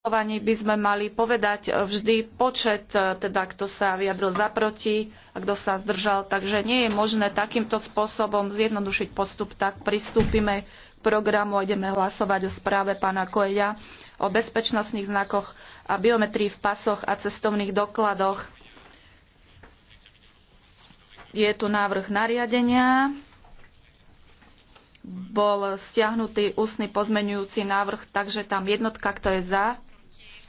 hlasovaní by sme mali povedať e, vždy počet, e, teda kto sa vyjadril za proti a kto sa zdržal. Takže nie je možné takýmto spôsobom zjednodušiť postup, tak pristúpime k programu a ideme hlasovať o správe pána Koeja o bezpečnostných znakoch a biometrii v pasoch a cestovných dokladoch. Je tu návrh nariadenia. Bol stiahnutý ústny pozmenujúci návrh, takže tam jednotka, kto je za,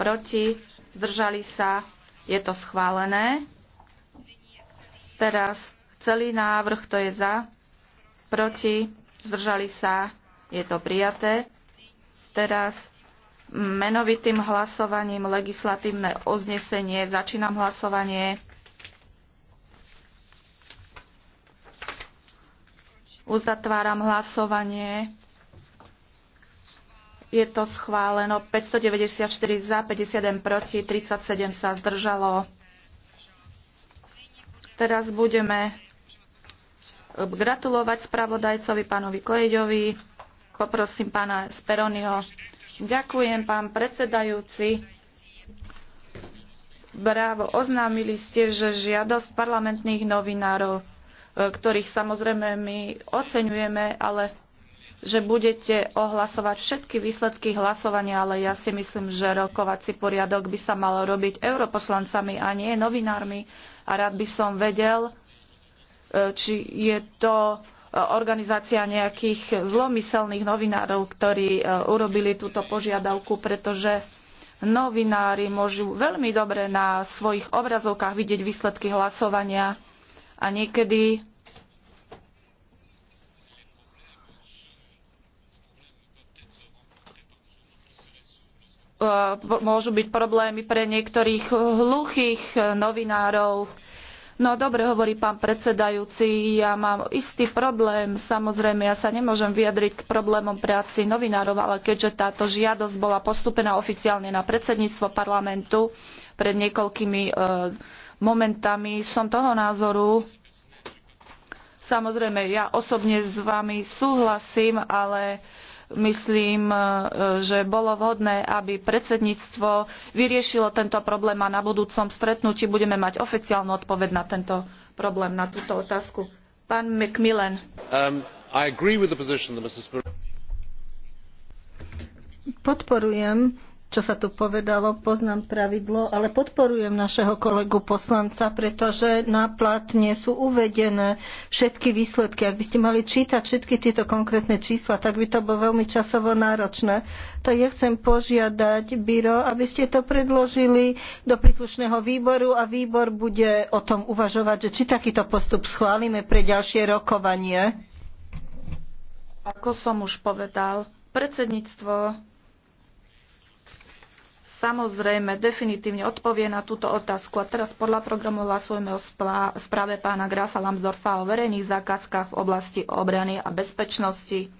proti, zdržali sa, je to schválené. Teraz celý návrh, kto je za, proti, zdržali sa, je to prijaté. Teraz menovitým hlasovaním legislatívne oznesenie. Začínam hlasovanie. Uzatváram hlasovanie. Je to schváleno 594 za, 51 proti, 37 sa zdržalo. Teraz budeme eh, gratulovať spravodajcovi pánovi Kojeďovi. Poprosím pána Speroniho. Ďakujem, pán predsedajúci. Bravo, oznámili ste, že žiadosť parlamentných novinárov, eh, ktorých samozrejme my oceňujeme, ale že budete ohlasovať všetky výsledky hlasovania, ale ja si myslím, že rokovací poriadok by sa mal robiť europoslancami a nie novinármi. A rád by som vedel, e, či je to e, organizácia nejakých zlomyselných novinárov, ktorí e, urobili túto požiadavku, pretože novinári môžu veľmi dobre na svojich obrazovkách vidieť výsledky hlasovania a niekedy E, môžu byť problémy pre niektorých hluchých novinárov. No dobre, hovorí pán predsedajúci, ja mám istý problém. Samozrejme, ja sa nemôžem vyjadriť k problémom práci novinárov, ale keďže táto žiadosť bola postupená oficiálne na predsedníctvo parlamentu pred niekoľkými e, momentami, som toho názoru, Samozrejme, ja osobne s vami súhlasím, ale Myslím, e, že bolo vhodné, aby predsedníctvo vyriešilo tento problém a na budúcom stretnutí budeme mať oficiálnu odpoveď na tento problém, na túto otázku. Pán McMillan. Um, Podporujem čo sa tu povedalo, poznám pravidlo, ale podporujem našeho kolegu poslanca, pretože na platne sú uvedené všetky výsledky. Ak by ste mali čítať všetky tieto konkrétne čísla, tak by to bolo veľmi časovo náročné. Tak ja chcem požiadať Biro, aby ste to predložili do príslušného výboru a výbor bude o tom uvažovať, že či takýto postup schválime pre ďalšie rokovanie. Ako som už povedal, predsedníctvo samozrejme definitívne odpovie na túto otázku. A teraz podľa programu hlasujeme o správe pána Grafa Lambsdorfa o verejných zákazkách v oblasti obrany a bezpečnosti.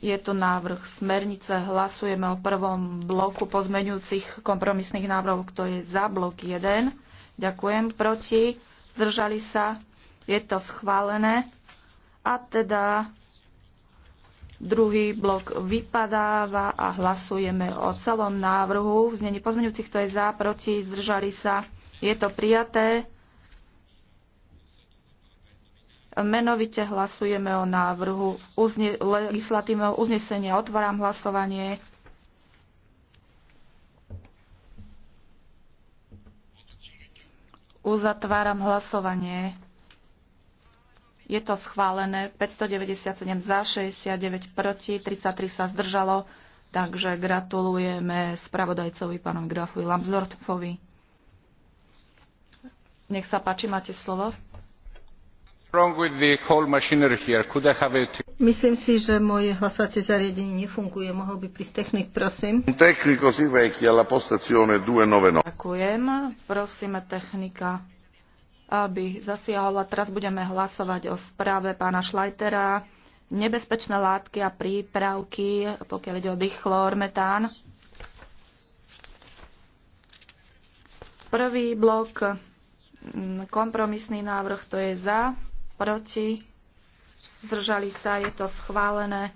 Je to návrh smernice. Hlasujeme o prvom bloku pozmeňujúcich kompromisných návrhov, kto je za blok 1. Ďakujem. Proti. Zdržali sa. Je to schválené a teda druhý blok vypadáva a hlasujeme o celom návrhu. V znení pozmeňujúcich, kto je za, proti, zdržali sa. Je to prijaté. Menovite hlasujeme o návrhu uzne, legislatívneho uznesenia. Otváram hlasovanie. Uzatváram hlasovanie. Je to schválené 597 za, 69 proti, 33 sa zdržalo. Takže gratulujeme spravodajcovi pánom Grafovi Lambsdorfovi. Nech sa páči, máte slovo. Myslím si, že moje hlasovacie zariadenie nefunguje. Mohol by prísť technik, prosím. si vecchia la postazione 299. Ďakujem. Prosíme technika aby zasiahla. Teraz budeme hlasovať o správe pána Šlajtera. Nebezpečné látky a prípravky, pokiaľ ide o dichlormetán. Prvý blok, mm, kompromisný návrh, to je za, proti, zdržali sa, je to schválené.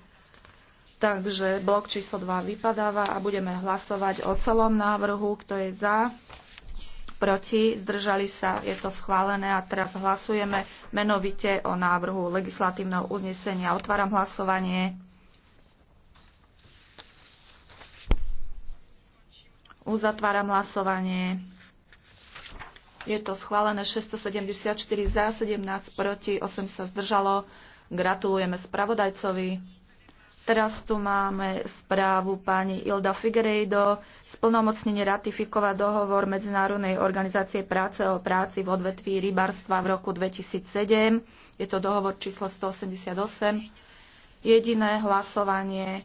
Takže blok číslo 2 vypadáva a budeme hlasovať o celom návrhu, kto je za, proti, zdržali sa, je to schválené a teraz hlasujeme menovite o návrhu legislatívneho uznesenia. Otváram hlasovanie. Uzatváram hlasovanie. Je to schválené 674 za, 17 proti, 8 sa zdržalo. Gratulujeme spravodajcovi. Teraz tu máme správu pani Ilda Figueiredo, splnomocnenie ratifikovať dohovor Medzinárodnej organizácie práce o práci v odvetví rybarstva v roku 2007. Je to dohovor číslo 188. Jediné hlasovanie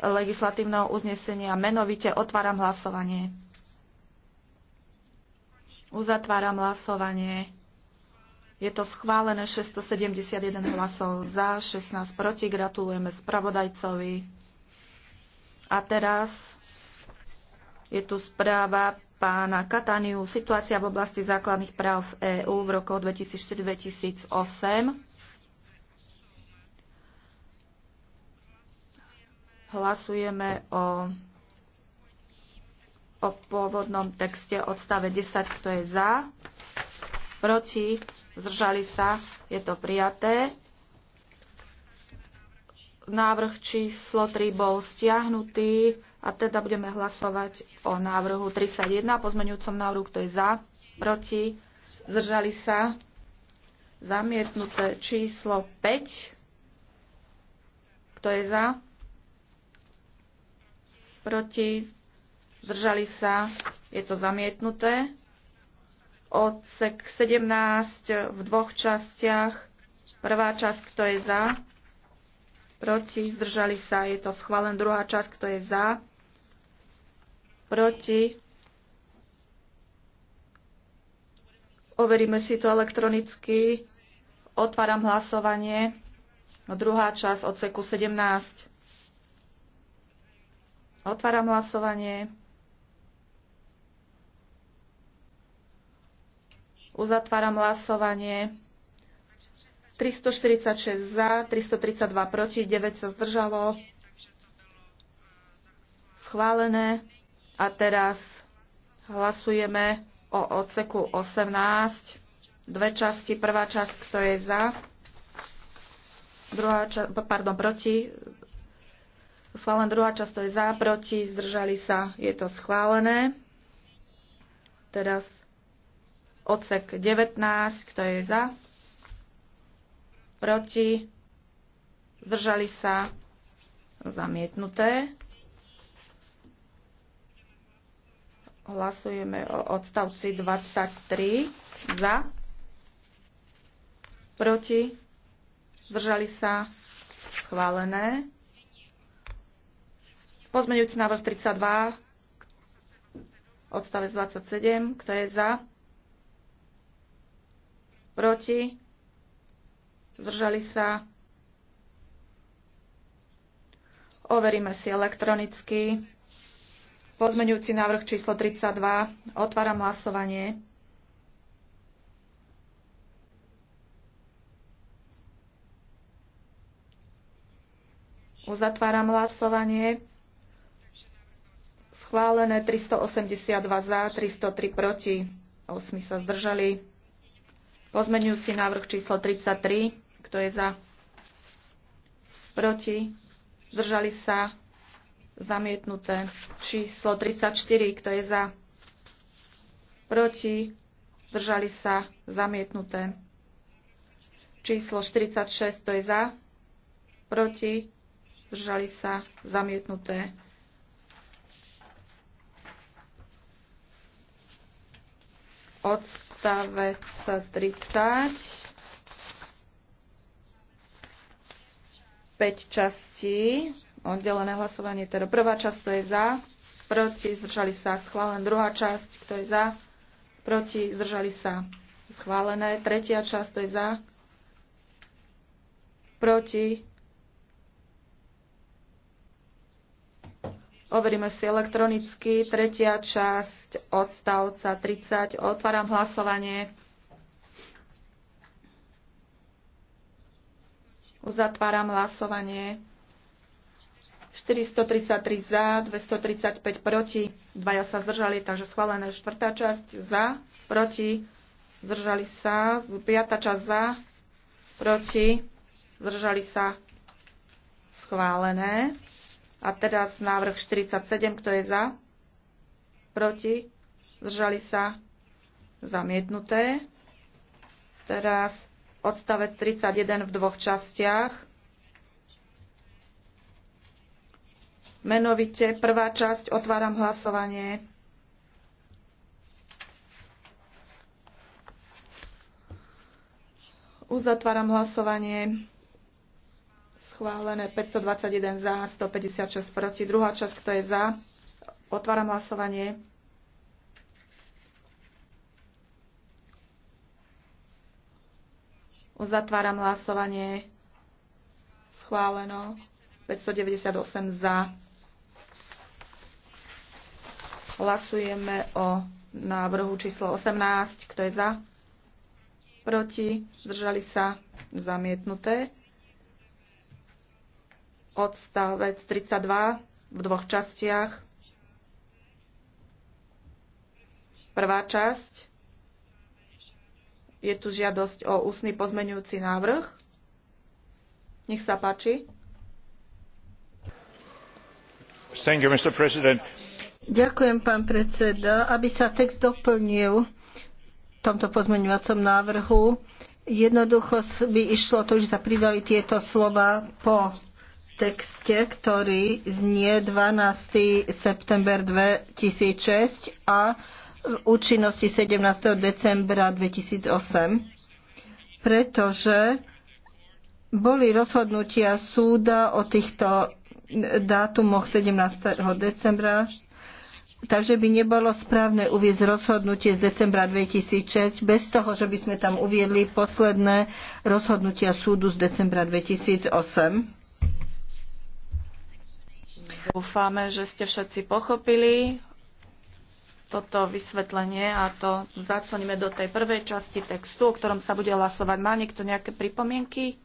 legislatívneho uznesenia. Menovite otváram hlasovanie. Uzatváram hlasovanie. Je to schválené 671 hlasov za, 16 proti. Gratulujeme spravodajcovi. A teraz je tu správa pána Kataniu. Situácia v oblasti základných práv v EÚ v rokoch 2004-2008. Hlasujeme o, o pôvodnom texte odstave 10, kto je za, proti, zdržali sa, je to prijaté. Návrh číslo 3 bol stiahnutý a teda budeme hlasovať o návrhu 31, pozmeňujúcom návrhu, kto je za, proti, zdržali sa, zamietnuté číslo 5, kto je za, proti, zdržali sa, je to zamietnuté odsek 17 v dvoch častiach. Prvá časť, kto je za, proti, zdržali sa, je to schválen. Druhá časť, kto je za, proti. Overíme si to elektronicky. Otváram hlasovanie. Druhá časť odseku 17. Otváram hlasovanie. Uzatváram hlasovanie. 346 za, 332 proti, 9 sa zdržalo. Schválené. A teraz hlasujeme o odseku 18. Dve časti. Prvá časť, kto je za. Druhá časť, pardon, proti. Schválená druhá časť, to je za, proti, zdržali sa. Je to schválené. Teraz Odsek 19, kto je za? Proti? Zdržali sa? Zamietnuté. Hlasujeme o odstavci 23. Za? Proti? Zdržali sa? Schválené. Pozmeňujúci návrh 32, odstavec 27. Kto je za? proti, zdržali sa. Overíme si elektronicky. Pozmeňujúci návrh číslo 32. Otváram hlasovanie. Uzatváram hlasovanie. Schválené 382 za, 303 proti, 8 sa zdržali. Pozmeňujúci návrh číslo 33. Kto je za? Proti? Zdržali sa? Zamietnuté. Číslo 34. Kto je za? Proti? Zdržali sa? Zamietnuté. Číslo 46. Kto je za? Proti? Zdržali sa? Zamietnuté. Odsk odstavec 30. 5 častí, oddelené hlasovanie, teda prvá časť, to je za, proti, zdržali sa, schválen. druhá časť, kto je za, proti, zdržali sa, schválené, tretia časť, to je za, proti, Overíme si elektronicky. Tretia časť odstavca 30. Otváram hlasovanie. Uzatváram hlasovanie. 433 za, 235 proti, dvaja sa zdržali, takže schválené štvrtá časť za, proti, zdržali sa, piatá časť za, proti, zdržali sa, schválené. A teraz návrh 47, kto je za? Proti? Zdržali sa? Zamietnuté. Teraz odstavec 31 v dvoch častiach. Menovite prvá časť, otváram hlasovanie. Uzatváram hlasovanie. Schválené 521 za, 156 proti. Druhá časť, kto je za? Otváram hlasovanie. Uzatváram hlasovanie. Schváleno. 598 za. Hlasujeme o návrhu číslo 18. Kto je za? Proti? Zdržali sa? Zamietnuté odstavec 32 v dvoch častiach. Prvá časť. Je tu žiadosť o ústny pozmenujúci návrh. Nech sa páči. Thank you, Mr. President. Ďakujem, pán predseda. Aby sa text doplnil v tomto pozmeňovacom návrhu, jednoducho by išlo to, že sa pridali tieto slova po texte, ktorý znie 12. september 2006 a v účinnosti 17. decembra 2008, pretože boli rozhodnutia súda o týchto dátumoch 17. decembra, takže by nebolo správne uviezť rozhodnutie z decembra 2006 bez toho, že by sme tam uviedli posledné rozhodnutia súdu z decembra 2008. Dúfame, že ste všetci pochopili toto vysvetlenie a to začleníme do tej prvej časti textu, o ktorom sa bude hlasovať. Má niekto nejaké pripomienky?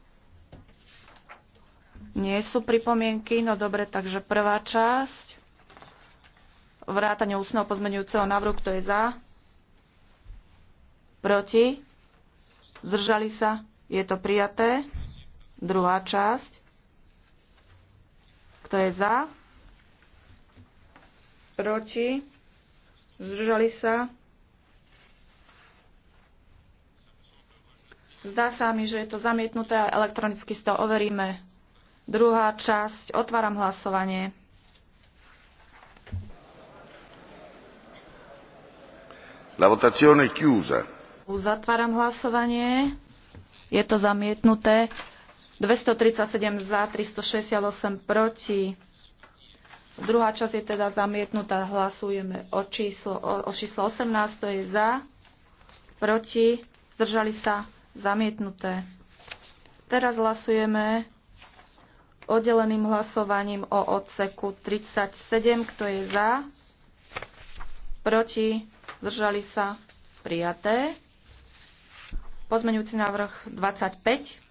Nie sú pripomienky, no dobre, takže prvá časť. Vrátanie ústneho pozmenujúceho návrhu, kto je za? Proti? Zdržali sa? Je to prijaté? Druhá časť. Kto je za? proti, zdržali sa. Zdá sa mi, že je to zamietnuté a elektronicky si to overíme. Druhá časť, otváram hlasovanie. La votazione è chiusa. Uzatváram hlasovanie. Je to zamietnuté. 237 za, 368 proti. Druhá časť je teda zamietnutá. Hlasujeme o číslo, o, o číslo 18. To je za, proti, zdržali sa, zamietnuté. Teraz hlasujeme oddeleným hlasovaním o odseku 37. Kto je za, proti, zdržali sa, prijaté. Pozmeňujúci návrh 25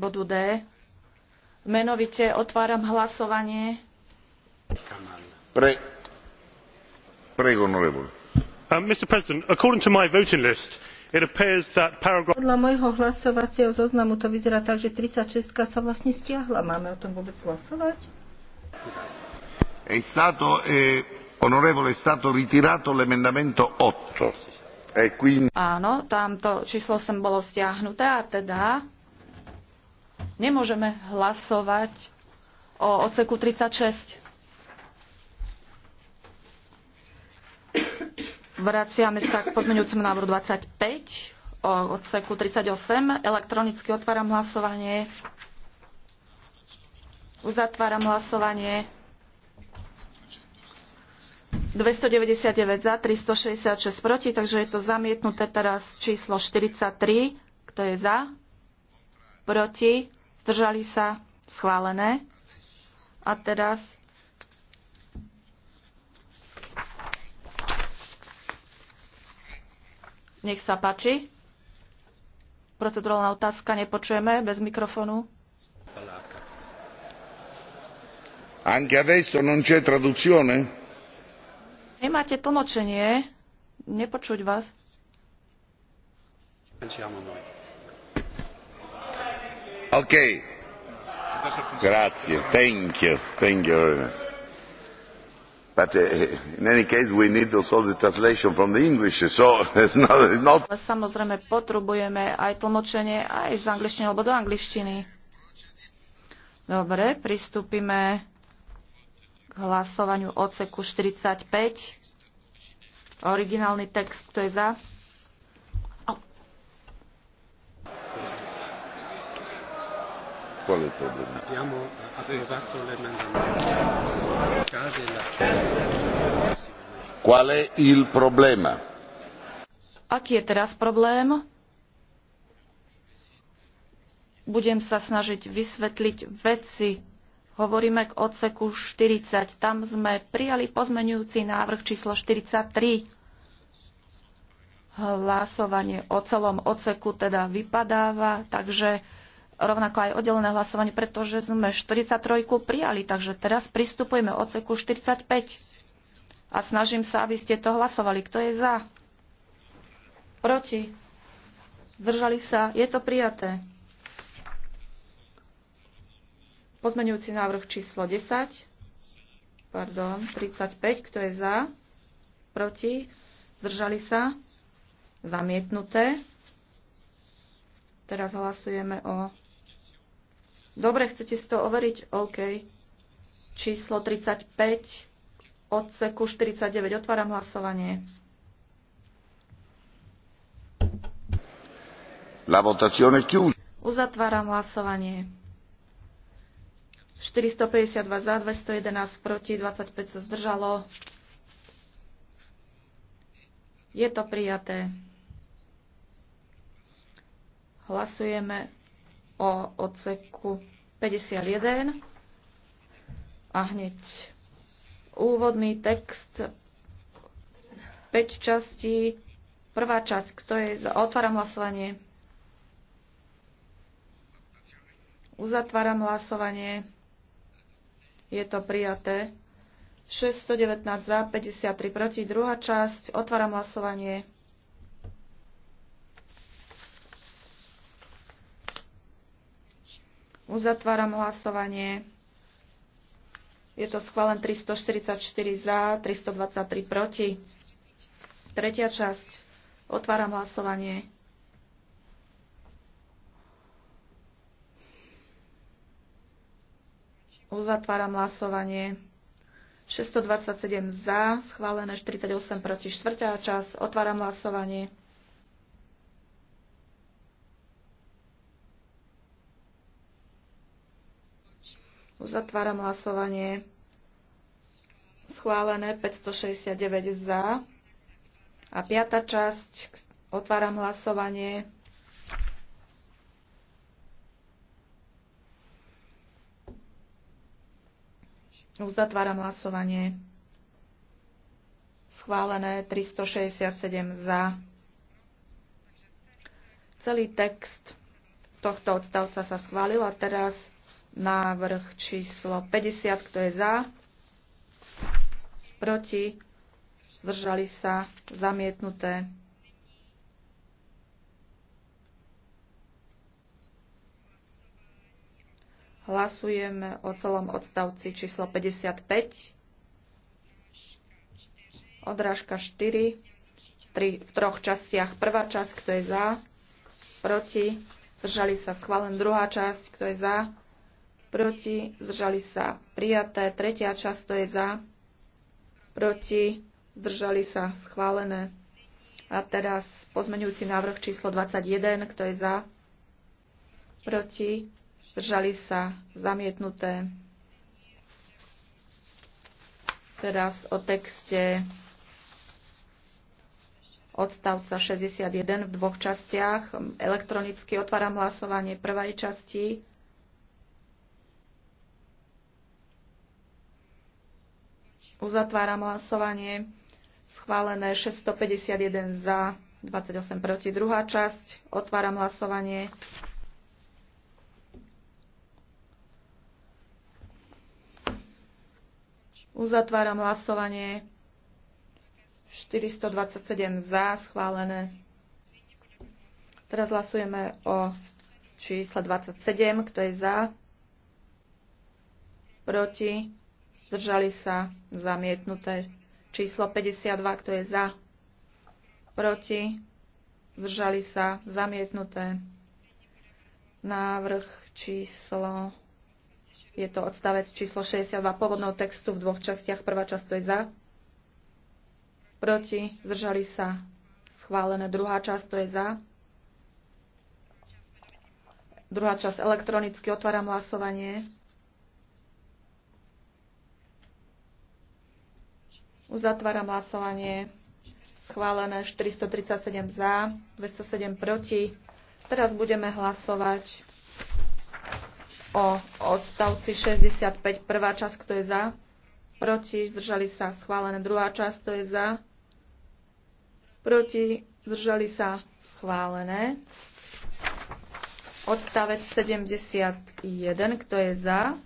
bodu D Menovite otváram hlasovanie. Pre, prego, um, Mr. President, according to my voting list, it appears that paragraph... Podľa môjho hlasovacieho zoznamu to vyzerá tak, že 36 sa vlastne stiahla. Máme o tom vôbec hlasovať? È stato, eh, onorevole, è stato ritirato l'emendamento 8. E quindi... Áno, tamto číslo sem bolo stiahnuté a teda Nemôžeme hlasovať o odseku 36. Vraciame sa k pozmeňujúcemu návrhu 25 o odseku 38. Elektronicky otváram hlasovanie. Uzatváram hlasovanie. 299 za, 366 proti, takže je to zamietnuté teraz číslo 43. Kto je za? Proti? Zdržali sa? Schválené. A teraz Nech sa páči. Procedurálna otázka, nepočujeme bez mikrofónu. Anche adesso non c'è traduzione? Nemáte tlmočenie, nepočuť vás. Pensiamo noi. Okay. Grazie. Thank you. Thank you very much. But uh, in any case we need also the translation from the English, so it's not, it's not... Samozrejme potrebujeme aj tlmočenie aj z angličtiny alebo do angličtiny. Dobre, pristúpime k hlasovaniu oceku 45. Originálny text, kto je za? Qual è il problema? Abbiamo approvato l'emendamento. Qual è il problema? Aký je teraz problém? Budem sa snažiť vysvetliť veci. Hovoríme k odseku 40. Tam sme prijali pozmenujúci návrh číslo 43 hlasovanie o celom odseku teda vypadáva, takže rovnako aj oddelené hlasovanie, pretože sme 43 prijali, takže teraz pristupujeme odseku 45 a snažím sa, aby ste to hlasovali. Kto je za? Proti? Zdržali sa? Je to prijaté. Pozmeňujúci návrh číslo 10, pardon, 35, kto je za, proti, zdržali sa, zamietnuté. Teraz hlasujeme o Dobre, chcete si to overiť? OK. Číslo 35 odseku 49. Otváram hlasovanie. La votazione chiusa. Uzatváram hlasovanie. 452 za, 211 proti, 25 sa zdržalo. Je to prijaté. Hlasujeme o odseku 51 a hneď úvodný text 5 častí. Prvá časť, kto je za? Otváram hlasovanie. Uzatváram hlasovanie. Je to prijaté. 619 za, 53 proti. Druhá časť. Otváram hlasovanie. Uzatváram hlasovanie. Je to schválen 344 za, 323 proti. Tretia časť. Otváram hlasovanie. Uzatváram hlasovanie. 627 za, schválené 48 proti. Štvrtá časť. Otváram hlasovanie. Uzatváram hlasovanie. Schválené 569 za. A piata časť. Otváram hlasovanie. Uzatváram hlasovanie. Schválené 367 za. Celý text tohto odstavca sa schválil a teraz Návrh číslo 50, kto je za? Proti? Zdržali sa? Zamietnuté. Hlasujeme o celom odstavci číslo 55. Odrážka 4. Tri, v troch častiach. Prvá časť, kto je za, proti, zdržali sa schválen. Druhá časť, kto je za, proti, zdržali sa prijaté. Tretia časť, to je za, proti, zdržali sa schválené. A teraz pozmeňujúci návrh číslo 21, kto je za, proti, zdržali sa zamietnuté. Teraz o texte odstavca 61 v dvoch častiach. Elektronicky otváram hlasovanie prvej časti. Uzatváram hlasovanie. Schválené 651 za, 28 proti. Druhá časť. Otváram hlasovanie. Uzatváram hlasovanie. 427 za, schválené. Teraz hlasujeme o čísle 27, kto je za, proti, Zdržali sa zamietnuté číslo 52, kto je za, proti, zdržali sa zamietnuté. Návrh číslo, je to odstavec číslo 62 pôvodného textu v dvoch častiach. Prvá časť to je za, proti, zdržali sa schválené. Druhá časť to je za. Druhá časť elektronicky otváram hlasovanie. Uzatváram hlasovanie. Schválené 437 za, 207 proti. Teraz budeme hlasovať o odstavci 65. Prvá časť, kto je za? Proti, zdržali sa. Schválené druhá časť, kto je za? Proti, zdržali sa. Schválené. Odstavec 71, kto je za?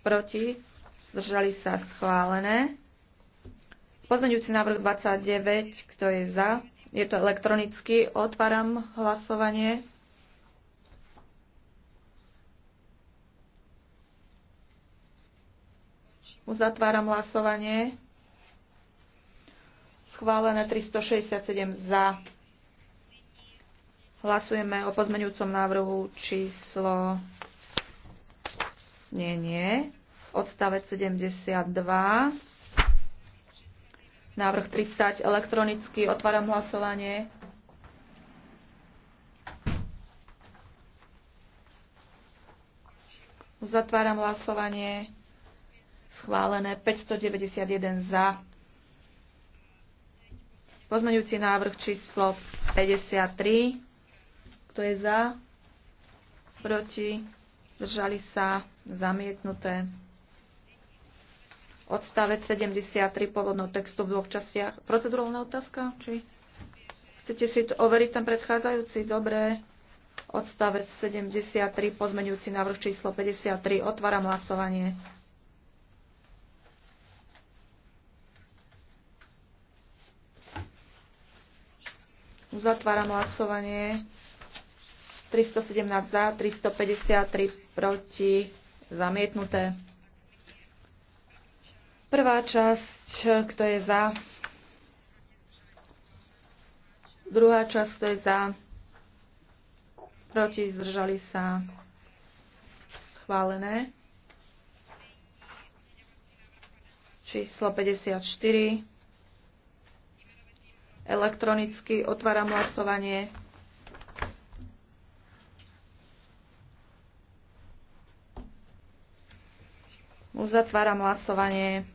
Proti, zdržali sa. Schválené. Pozmeňujúci návrh 29, kto je za? Je to elektronicky. Otváram hlasovanie. Uzatváram hlasovanie. Schválené 367 za. Hlasujeme o pozmeňujúcom návrhu číslo... Nie, nie. Odstavec 72. Návrh 30 elektronicky. Otváram hlasovanie. Zatváram hlasovanie. Schválené 591 za. Pozmeňujúci návrh číslo 53. Kto je za? Proti? Držali sa? Zamietnuté odstavec 73 pôvodného textu v dvoch častiach. Procedurálna otázka? Či chcete si to overiť ten predchádzajúci? Dobre. Odstavec 73, pozmeňujúci návrh číslo 53. Otváram hlasovanie. Uzatváram hlasovanie. 317 za, 353 proti, zamietnuté. Prvá časť, kto je za? Druhá časť, kto je za? Proti, zdržali sa. Schválené. Číslo 54. Elektronicky otváram hlasovanie. Uzatváram hlasovanie.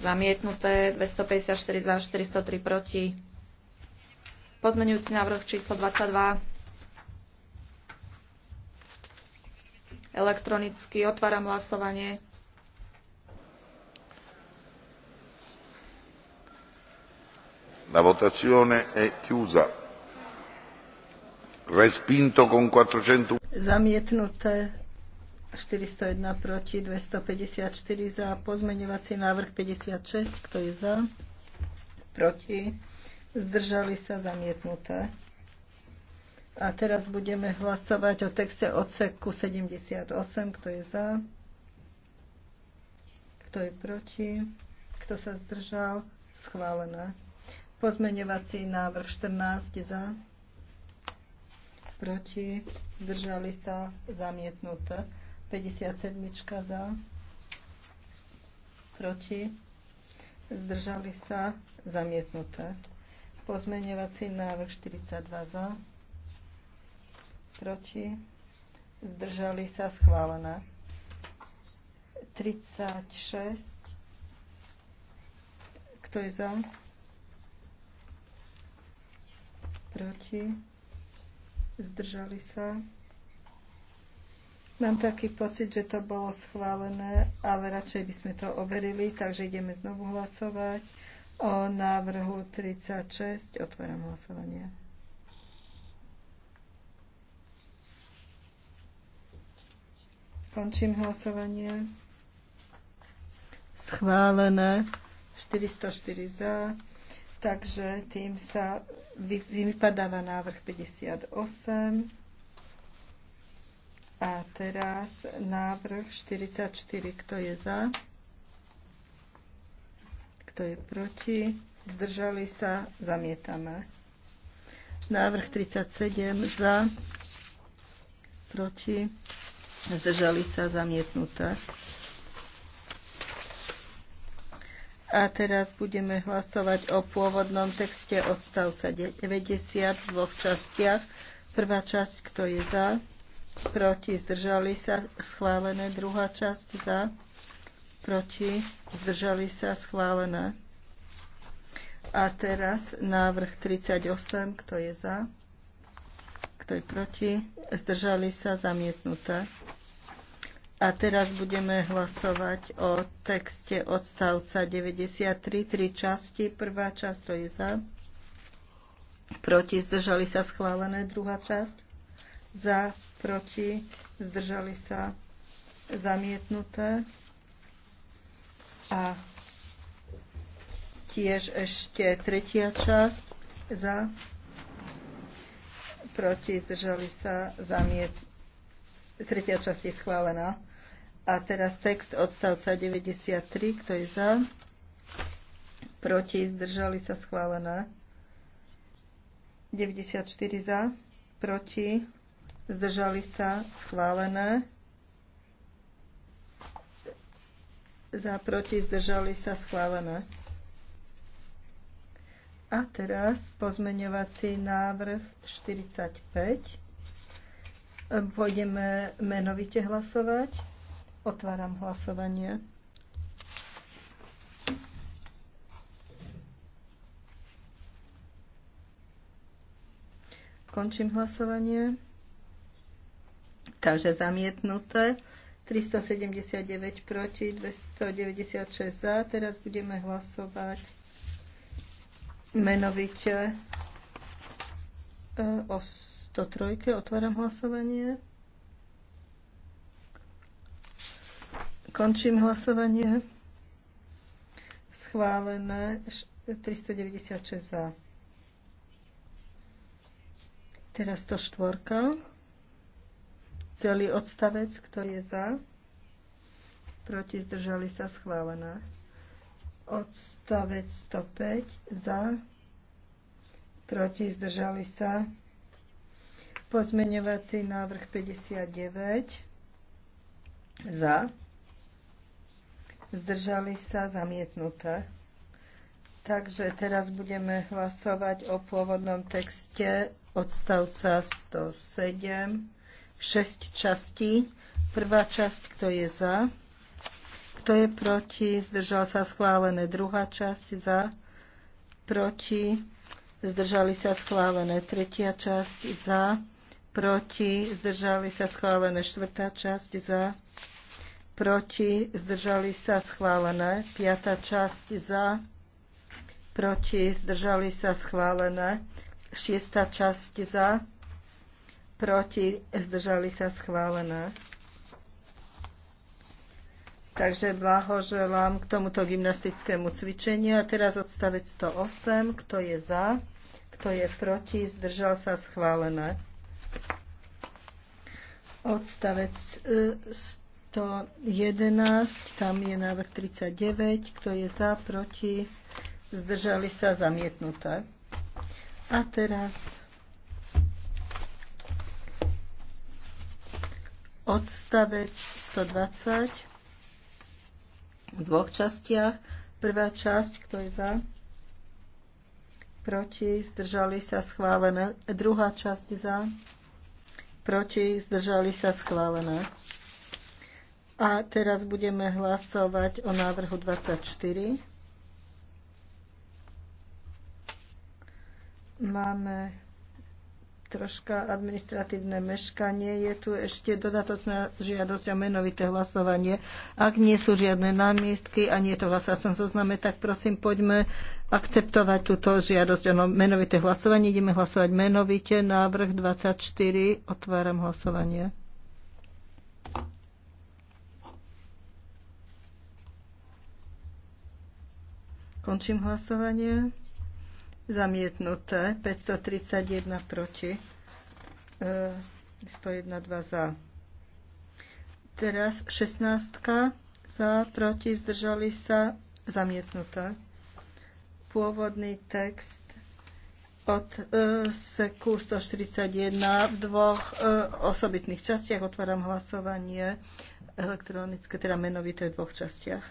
Zamietnuté 254 za 403 proti. Pozmenujúci návrh číslo 22. Elektronicky otváram hlasovanie. La votazione è chiusa. Respinto con 400. Zamietnuté 401 proti, 254 za, pozmeňovací návrh 56, kto je za, proti, zdržali sa zamietnuté. A teraz budeme hlasovať o texte odseku 78, kto je za, kto je proti, kto sa zdržal, schválené. Pozmeňovací návrh 14 za, proti, zdržali sa, zamietnuté 57 za, proti, zdržali sa, zamietnuté. Pozmeňovací návrh 42 za, proti, zdržali sa, schválené. 36, kto je za? Proti, zdržali sa, schválené Mám taký pocit, že to bolo schválené, ale radšej by sme to overili, takže ideme znovu hlasovať o návrhu 36. Otváram hlasovanie. Končím hlasovanie. Schválené. 404 za. Takže tým sa vypadáva návrh 58. A teraz návrh 44. Kto je za? Kto je proti? Zdržali sa? Zamietame. Návrh 37. Za? Proti? Zdržali sa? Zamietnuté. A teraz budeme hlasovať o pôvodnom texte odstavca 90 v dvoch častiach. Prvá časť, kto je za? proti, zdržali sa, schválené. Druhá časť za, proti, zdržali sa, schválené. A teraz návrh 38, kto je za, kto je proti, zdržali sa, zamietnuté. A teraz budeme hlasovať o texte odstavca 93, tri časti. Prvá časť, to je za, proti, zdržali sa, schválené. Druhá časť, za, proti, zdržali sa zamietnuté. A tiež ešte tretia časť za, proti, zdržali sa zamietnuté. Tretia časť je schválená. A teraz text odstavca 93, kto je za? Proti, zdržali sa schválené. 94 za, proti, zdržali sa, schválené. Za, proti, zdržali sa, schválené. A teraz pozmeňovací návrh 45. Pôjdeme menovite hlasovať. Otváram hlasovanie. Končím hlasovanie takže zamietnuté. 379 proti, 296 za. Teraz budeme hlasovať menovite e, o 103. Otváram hlasovanie. Končím hlasovanie. Schválené 396 za. Teraz 104. Celý odstavec, kto je za? Proti zdržali sa schválená. Odstavec 105 za. Proti zdržali sa. Pozmeňovací návrh 59 za. Zdržali sa zamietnuté. Takže teraz budeme hlasovať o pôvodnom texte odstavca 107 6 častí. Prvá časť, kto je za, kto je proti, zdržal sa schválené. Druhá časť za, proti, zdržali sa schválené. Tretia časť za, proti, zdržali sa schválené. Štvrtá časť za, proti, zdržali sa schválené. Piatá časť za, proti, zdržali sa schválené. Šiesta časť za, proti, zdržali sa schválené. Takže blahoželám k tomuto gymnastickému cvičeniu. A teraz odstavec 108. Kto je za? Kto je proti? Zdržal sa schválené. Odstavec 111. E, Tam je návrh 39. Kto je za? Proti? Zdržali sa zamietnuté. A teraz odstavec 120 v dvoch častiach. Prvá časť, kto je za? Proti, zdržali sa schválené. Druhá časť za? Proti, zdržali sa schválené. A teraz budeme hlasovať o návrhu 24. Máme troška administratívne meškanie. Je tu ešte dodatočná žiadosť o menovité hlasovanie. Ak nie sú žiadne námiestky a nie je to v hlasovacom zozname, tak prosím, poďme akceptovať túto žiadosť o menovité hlasovanie. Ideme hlasovať menovite. Návrh 24. Otváram hlasovanie. Končím hlasovanie zamietnuté, 531 proti, 101 e, 2 za. Teraz 16 za, proti, zdržali sa, zamietnuté. Pôvodný text od e, seku 141 v dvoch e, osobitných častiach. Otváram hlasovanie elektronické, teda menovité v dvoch častiach.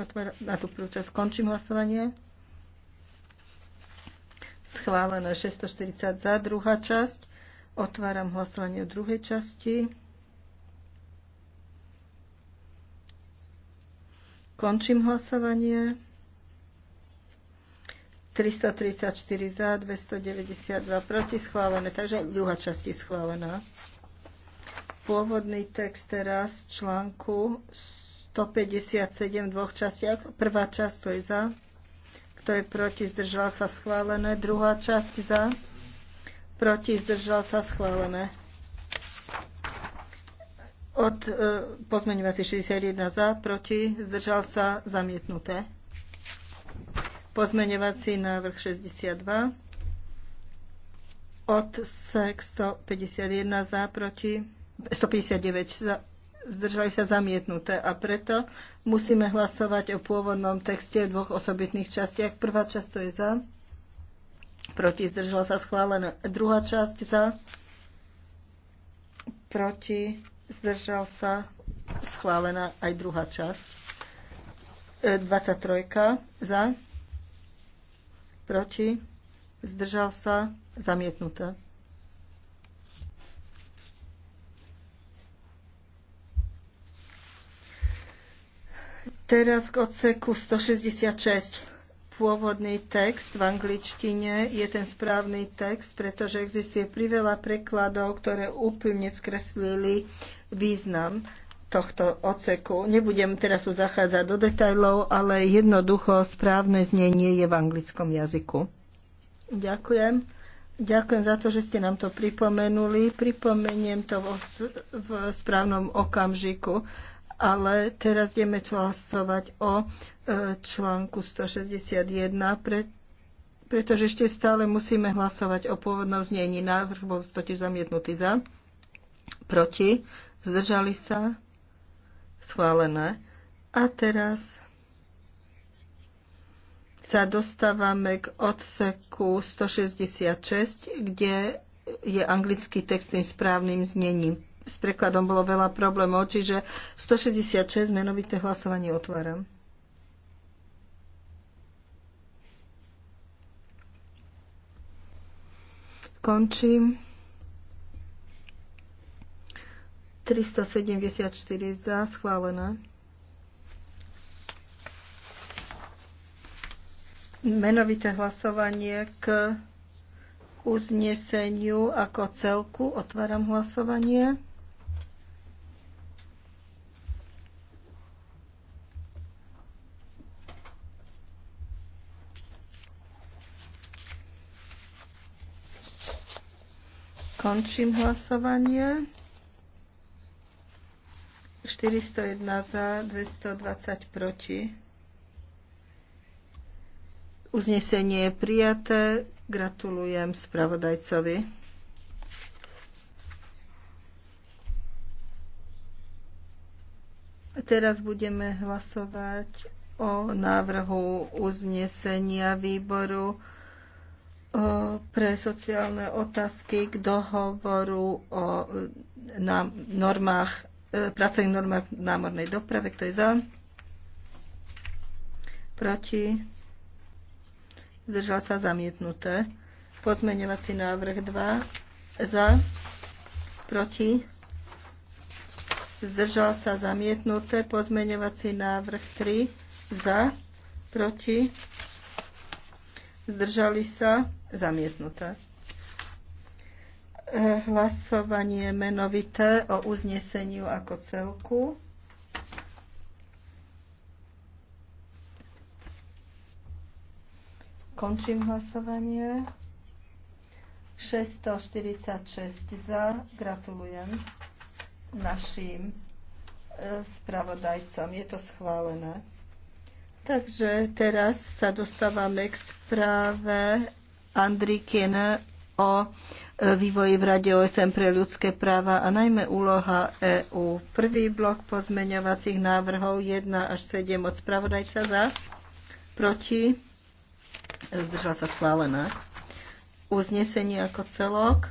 Otváram, na tú prvú časť skončím hlasovanie schválené 640 za, druhá časť. Otváram hlasovanie o druhej časti. Končím hlasovanie. 334 za, 292 proti, schválené. Takže druhá časť je schválená. Pôvodný text teraz článku 157 v dvoch častiach. Prvá časť to je za, kto je proti, zdržal sa schválené. Druhá časť za, proti, zdržal sa schválené. Od e, pozmeňovací 61 za, proti, zdržal sa zamietnuté. Pozmeňovací návrh 62. Od 151 za, proti, 159 za, zdržali sa zamietnuté a preto musíme hlasovať o pôvodnom texte v dvoch osobitných častiach. Prvá časť to je za, proti zdržala sa schválená. Druhá časť za, proti zdržal sa schválená aj druhá časť. 23 e, za, proti zdržal sa zamietnuté. Teraz k odseku 166 pôvodný text v angličtine je ten správny text, pretože existuje priveľa prekladov, ktoré úplne skreslili význam tohto oceku. Nebudem teraz tu zachádzať do detajlov, ale jednoducho správne znenie je v anglickom jazyku. Ďakujem. Ďakujem za to, že ste nám to pripomenuli. Pripomeniem to v, v správnom okamžiku ale teraz ideme hlasovať o e, článku 161, pre, pretože ešte stále musíme hlasovať o pôvodnom znení. Návrh bol totiž zamietnutý za, proti, zdržali sa, schválené. A teraz sa dostávame k odseku 166, kde je anglický text tým správnym znením s prekladom bolo veľa problémov, čiže 166 menovité hlasovanie otváram. Končím. 374 za, schválená. Menovité hlasovanie k uzneseniu ako celku. Otváram hlasovanie. Končím hlasovanie. 401 za, 220 proti. Uznesenie je prijaté. Gratulujem spravodajcovi. Teraz budeme hlasovať o návrhu uznesenia výboru pre sociálne otázky k dohovoru o na normách, e, pracovných normách námornej doprave. Kto je za? Proti? Zdržal sa zamietnuté. Pozmeňovací návrh 2. Za? Proti? Zdržal sa zamietnuté. Pozmeňovací návrh 3. Za? Proti? zdržali sa, zamietnuté. E, hlasovanie menovité o uzneseniu ako celku. Končím hlasovanie. 646 za. Gratulujem našim e, spravodajcom. Je to schválené. Takže teraz sa dostávame k správe Andri Kiene o e, vývoji v Rade OSN pre ľudské práva a najmä úloha EÚ. Prvý blok pozmeňovacích návrhov 1 až 7 od spravodajca za, proti, zdržala sa schválená. Uznesenie ako celok, e,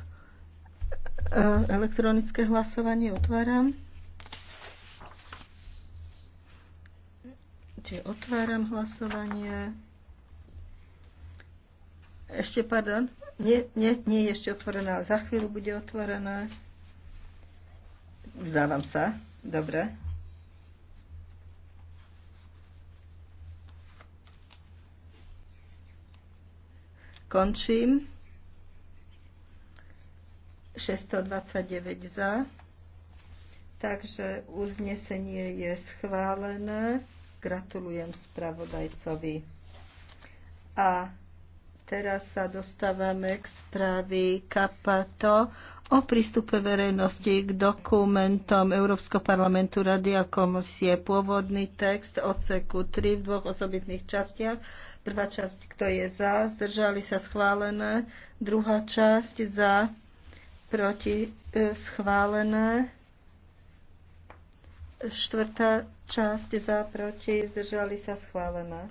elektronické hlasovanie otváram. Hlasujte. Otváram hlasovanie. Ešte, pardon. Nie, nie, nie je ešte otvorená, ale za chvíľu bude otvorená. Vzdávam sa. Dobre. Končím. 629 za. Takže uznesenie je schválené. Gratulujem spravodajcovi. A teraz sa dostávame k správy Kapato o prístupe verejnosti k dokumentom Európskeho parlamentu Rady a komisie. Pôvodný text odseku 3 v dvoch osobitných častiach. Prvá časť, kto je za, zdržali sa schválené. Druhá časť za, proti, e, schválené. Štvrtá časť za, proti, zdržali sa schválená.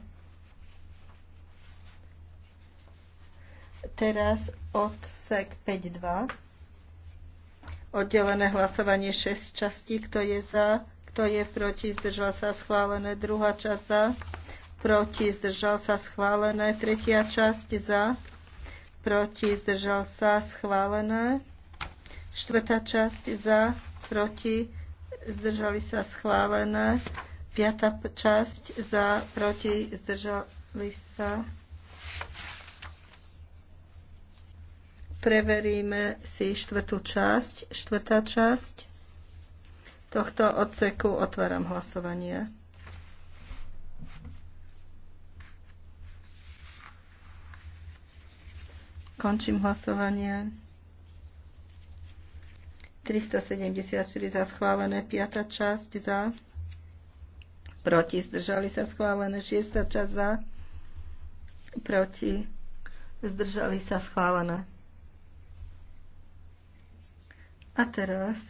Teraz odsek 5.2. Oddelené hlasovanie 6 častí. Kto je za? Kto je proti? Zdržal sa schválené. Druhá časť za. Proti? Zdržal sa schválené. Tretia časť za. Proti? Zdržal sa schválené. Štvrtá časť za. Proti? zdržali sa schválené. Piatá časť za, proti, zdržali sa. Preveríme si štvrtú časť. Štvrtá časť tohto odseku otváram hlasovanie. Končím hlasovanie. 374 za schválené, 5. časť za, proti, zdržali sa schválené, 6. časť za, proti, zdržali sa schválené. A teraz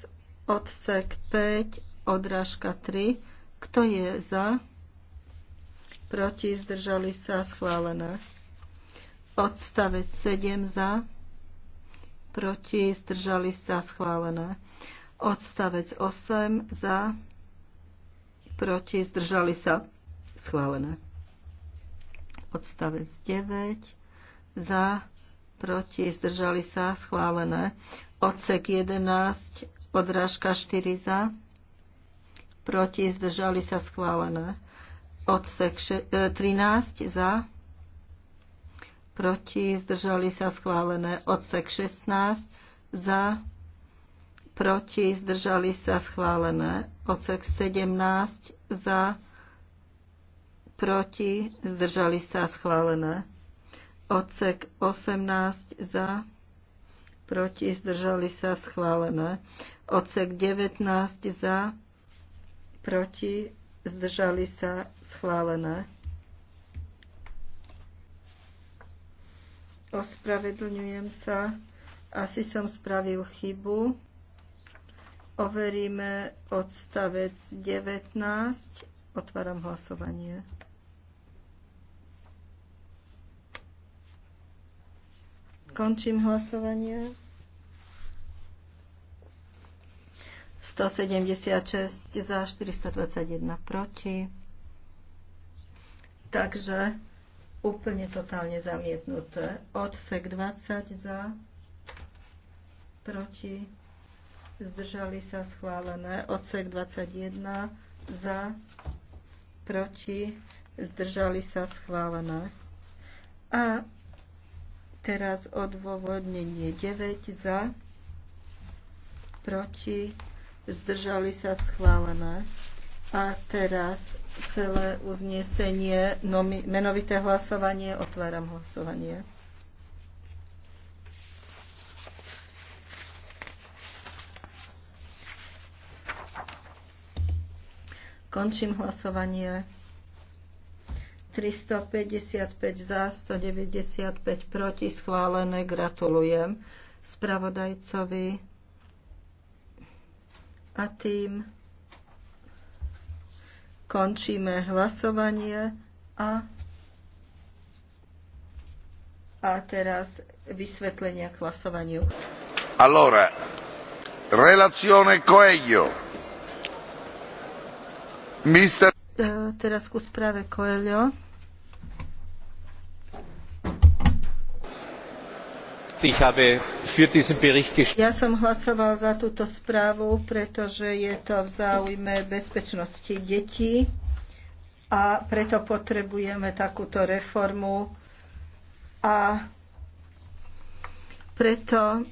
odsek 5, odrážka 3. Kto je za? Proti, zdržali sa schválené. Odstavec 7 za proti, zdržali sa schválené. Odstavec 8 za, proti, zdržali sa schválené. Odstavec 9 za, proti, zdržali sa schválené. Odsek 11, odrážka 4 za, proti, zdržali sa schválené. Odsek 13 e, za, proti, zdržali sa schválené. Odsek 16 za, proti, zdržali sa schválené. Odsek 17 za, proti, zdržali sa schválené. Odsek 18 za, proti, zdržali sa schválené. Odsek 19 za, proti, zdržali sa schválené. Ospravedlňujem sa. Asi som spravil chybu. Overíme odstavec 19. Otváram hlasovanie. Končím hlasovanie. 176 za, 421 proti. Takže úplne totálne zamietnuté. Odsek 20 za, proti, zdržali sa schválené. Odsek 21 za, proti, zdržali sa schválené. A teraz odôvodnenie 9 za, proti, zdržali sa schválené. A teraz celé uznesenie, menovité hlasovanie, otváram hlasovanie. Končím hlasovanie. 355 za, 195 proti, schválené. Gratulujem spravodajcovi. A tým Končíme hlasovanie a, a teraz vysvetlenia k hlasovaniu. Allora, relazione Coelho. Mister... Uh, Teraz ku správe Coelho. Ja som hlasoval za túto správu, pretože je to v záujme bezpečnosti detí a preto potrebujeme takúto reformu a preto